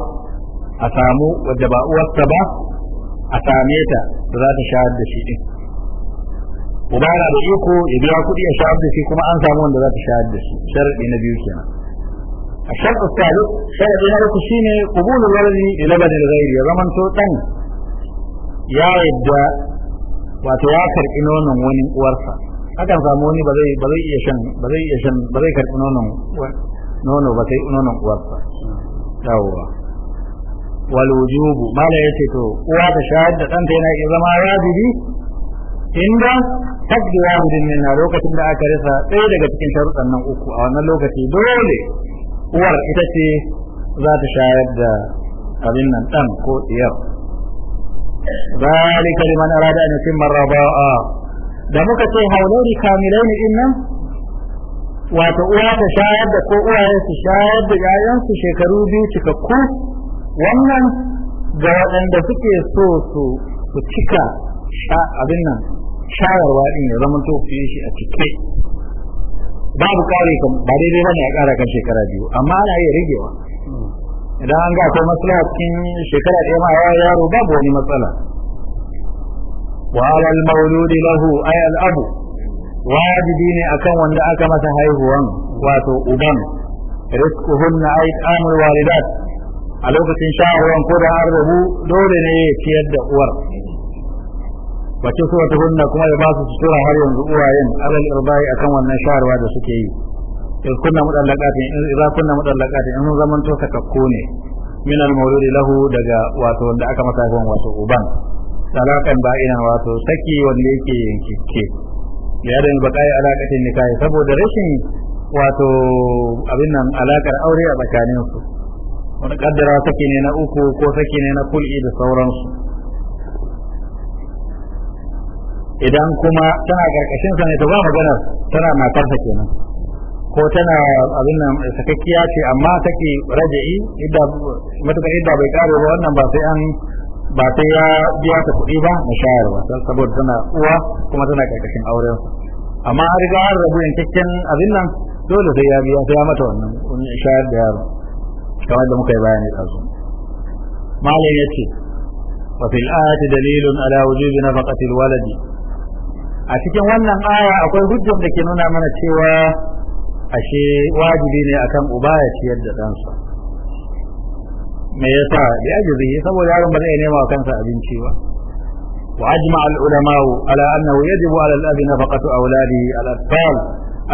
أسامو وجب أوا السبا أساميتا ذات شهادة شيئين وبعد أن يكو يبيع كودي أشهادة شيئين كما أنسامون ذات شهادة شيئين شرط النبي كما الشرط الثالث شرط النبي كشيني قبول الولد إلى بدل غيري رمان سلطان يا إبدا wato ya karbi nonon wani uwarsa akan samu wani ba zai ba zai iya shan ba zai iya shan ba zai karbi nonon nono ba sai nonon uwarsa yawwa wal wujubu mala yace to uwa ta shahid da ɗanta yana iya zama wajibi inda takdi wajibin ne na lokacin da aka rasa ɗaya daga cikin sharuɗan nan uku a wannan lokaci dole uwar ita ce za ta shayar da abin nan ɗan ko ɗiyar zalika liman arada an yutimma ar da muka ce haulaini kamilaini din nan wato uwa ta shayar da ko uwaye su shayar da yayansu shekaru biyu cikakku wannan ga waɗanda suke so su su cika abin nan shayarwa din ya zama to fiye shi a cike babu kare ba daidai bane a ƙara kan shekara biyu amma ana iya ragewa. idan an ga akwai matsala cikin shekara ɗaya ma ya yaro babu wani matsala wa al mauludi lahu ay al abu wajibi ne akan wanda aka masa haihuwan wato uban rizquhunna ay amul walidat a lokacin sha'awan ko da an rabu dole ne ya ciyar da uwar wace su wata hunna kuma ya ba su sutura har yanzu uwayen alal irbai akan wannan shayarwa da suke yi in kunna mudallaqatin in za kunna mudallaqatin in zaman to sakakko ne min al-mawludi lahu daga wato wanda aka masa haihuwan wato uban talakan ba ina wato saki wanda yake yankikke ya da bakai alaqatin nikahi saboda rashin wato abin nan alakar aure a tsakanin su wani kaddara saki ne na uku ko saki ne na kul'i da sauransu idan kuma tana karkashin sa ne to ba magana tana matarsa kenan ko tana abin nan sakakkiya ce amma take raja'i idda matuƙa idda bai kare ba wannan ba sai an ba sai ya biya ta kuɗi ba na shayarwa saboda tana uwa kuma tana ƙarƙashin auren amma har ga an rabu yankakken abin nan dole sai ya biya sai ya mata wannan shayar da yaro kamar da muka yi bayani ɗazu malam ya ce wa fil ayati dalilun ala wujubi nafaqati alwaladi a cikin wannan aya akwai hujjar da ke nuna mana cewa ashe wajibi ne akan uba ya ciyar da ɗansa me yasa bi ajizi saboda yaron ba zai nema kansa abinci ba wa ajma al ulama ala annahu yajibu ala al abi nafaqatu awladi al atfal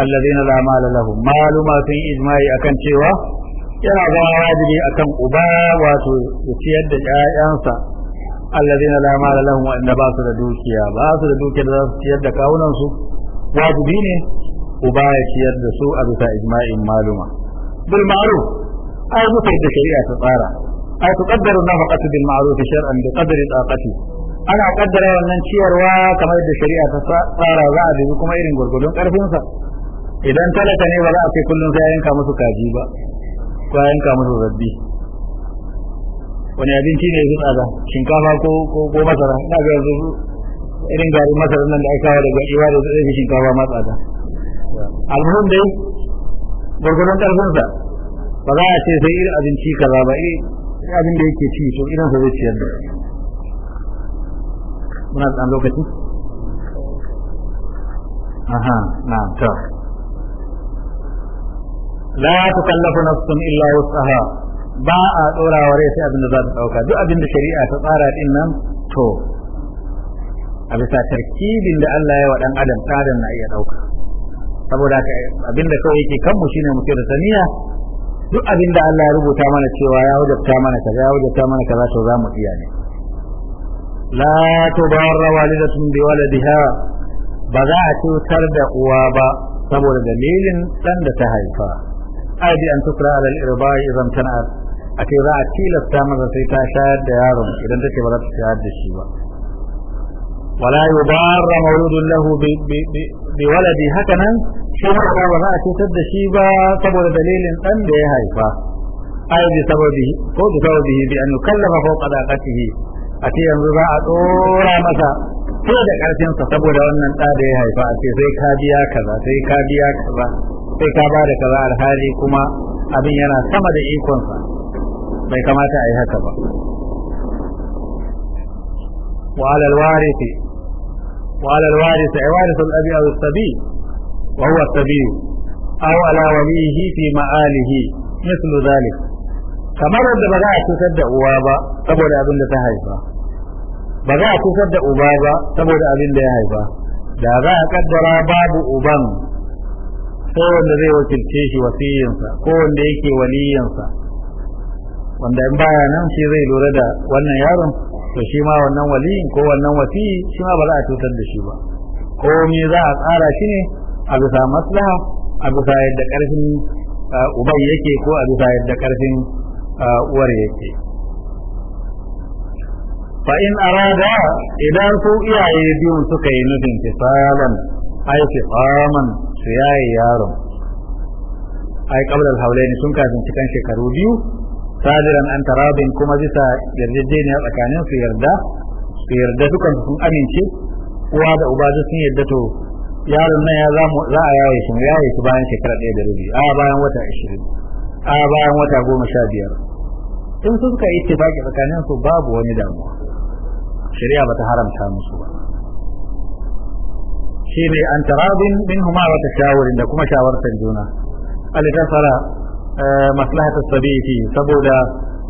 alladhina la mala lahum maluma sun ijma'i akan cewa yana zama wajibi akan uba wato ya ciyar da ƴaƴansa alladhina la mala lahum wa inda ba su da dukiya ba su da dukiya da za su ciyar da kawunan wajibi ne uba baya ciyar da su a bisa ijma'in maluma bil ma'ruf ai mutar da shari'a ta tsara ai tuqaddaru nafaqatu bil ma'ruf shar'an bi qadri taqati ana kaddara wannan ciyarwa kamar da shari'a ta tsara za a dubi kuma irin gurgurdun karfinsa idan talaka ne ba za a kai kullum sai yanka musu kaji ba ko yanka musu rabbi wani abinci ne su tsada shinkafa ko ko ko masara ina ga yanzu irin garin masara nan da aka kawo daga iwa da zai shinkafa ma tsada almuhim dai gwargwadon karfinsa ba za a ce sai irin abinci ka ba eh abin da yake ci to irin sa zai ciyar da muna da lokaci aha na to la tukallafu nafsun illa wusaha ba a tsorawa rai sai abin da za ta dauka duk abin da shari'a ta tsara din nan to a bisa tarkibin da Allah ya wa dan adam tsarin na iya dauka saboda abinda kawai yake kanmu shine muke da saniya duk abin da Allah ya rubuta mana cewa ya wajabta mana kaza ya wajabta mana kaza to zamu iya ne la tudarra walidatun bi waladiha ba za a tutar da uwa ba saboda dalilin dan da ta haifa ai bi an tukra ala al-irba'i idan kana a ce za a tilasta masa sai ta shayar da yaron idan take ba za ta shayar da shi ba wala yudarra mawludun lahu bi waladi hakanan shi ma'ana ba za a cutar da shi ba saboda dalilin ɗan da ya haifa ai bi sababi ko bi sababi bi an kallafa fawqa daqatihi a ce yanzu za a dora masa ko da karfin sa saboda wannan ɗa da ya haifa a ce sai ka biya kaza sai ka biya kaza sai ka ba da kaza alhali kuma abin yana sama da ikon sa bai kamata a yi haka ba wa alal warisi wa alal warisi ai warisul abi al sabi وهو السبيل أو على وليه في معاله مثل ذلك kamar da ba za cutar da uwa ba saboda abin da ta haifa ba za a cutar da uba ba saboda abin da ya haifa da za a kaddara babu uban ko wanda zai wakilce shi wasiyinsa ko wanda yake waliyansa wanda in baya nan shi zai lura da wannan yaron to shi wannan waliyin ko wannan wasiyi shi ma ba za a cutar da shi ba ko za a tsara shi ne a bisa maslaha a bisa yadda karfin uh, uban yake ko a bisa yadda karfin uh, uwar yake fa in arada idan su iyaye biyun suka yi nufin fisalan aiki faman su yaye yaron ai kabilar haulaini sun kafin cikin shekaru biyu sadiran an tarabin kuma bisa yarjejeniya tsakanin su yarda su yarda dukan sun amince uwa da uba sun yarda to yaron nan ya za mu za a yaye shi yaye shi bayan shekara ɗaya da rabi a bayan wata ashirin a bayan wata goma sha biyar in sun ka yi tafaki tsakanin su babu wani damuwa shari'a bata haramta musu ba shi ne an tarabin min huma wa tashawurin da kuma shawartar juna alitafara eh, maslahatar sabiti saboda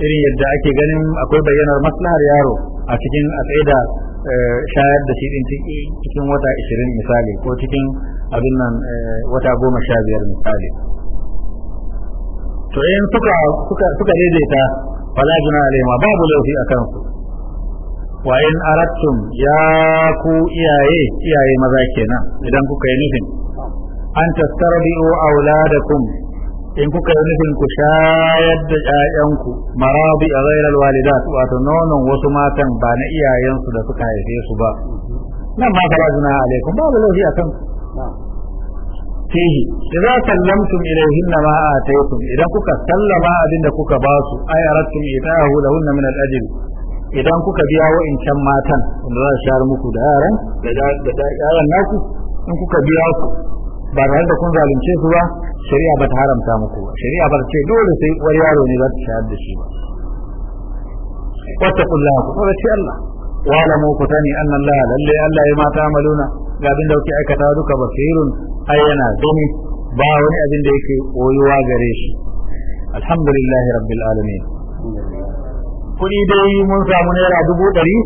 irin yadda ake ganin akwai bayyanar maslahar yaro a cikin a shayar da shi din cikin wata 20 misali ko cikin abin nan eh, wata goma sha biyar misali to in suka suka suka daidaita fala juna alaihima babu laifi a kansu wa in arattum ya ku iyaye iyaye maza kenan idan kuka yi nufin an da auladakum in kuka yi nufin ku shayar da ƴaƴanku marabi a ghairal walidat wato nonon wasu matan ba na iyayensu da suka haife su ba nan ma fara zina alaikum ba da lauhi akan fihi idan sallamtum ilayhinna ma ataytum idan kuka sallama abin da kuka ba su ay aradtum itahu lahunna min al-ajl idan kuka biya wa'incan matan wanda za su shayar muku da yaran da yaran naku in kuka biya su ba tare da kun zalunce su ba shari'a ba ta haramta muku ba shari'a ba ta ce dole sai uwar yaro ne za ta shayar da shi ba wata kullum ku ce Allah wala mu ku sani anna Allah lalle Allah ya mata amaluna ga abin da kuke aikata duka basirun ai yana gani ba wani abin da yake koyuwa gare shi alhamdulillah rabbil alamin kuɗi dai mun samu naira dubu ɗari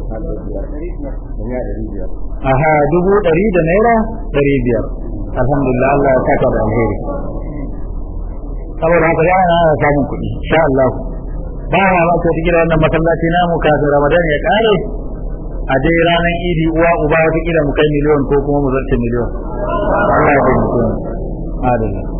aha dubu ɗari da naira ɗari biyar alhamdulillah Allah ya saka da alheri saboda haka yana na samun kuɗi insha Allah ba ma ba ko gida wannan masallaci na mu kafin Ramadan ya kare a dai ranar idi uwa uba wata kira mu kai miliyon ko kuma mu zarce miliyon Allah ya taimake mu adalci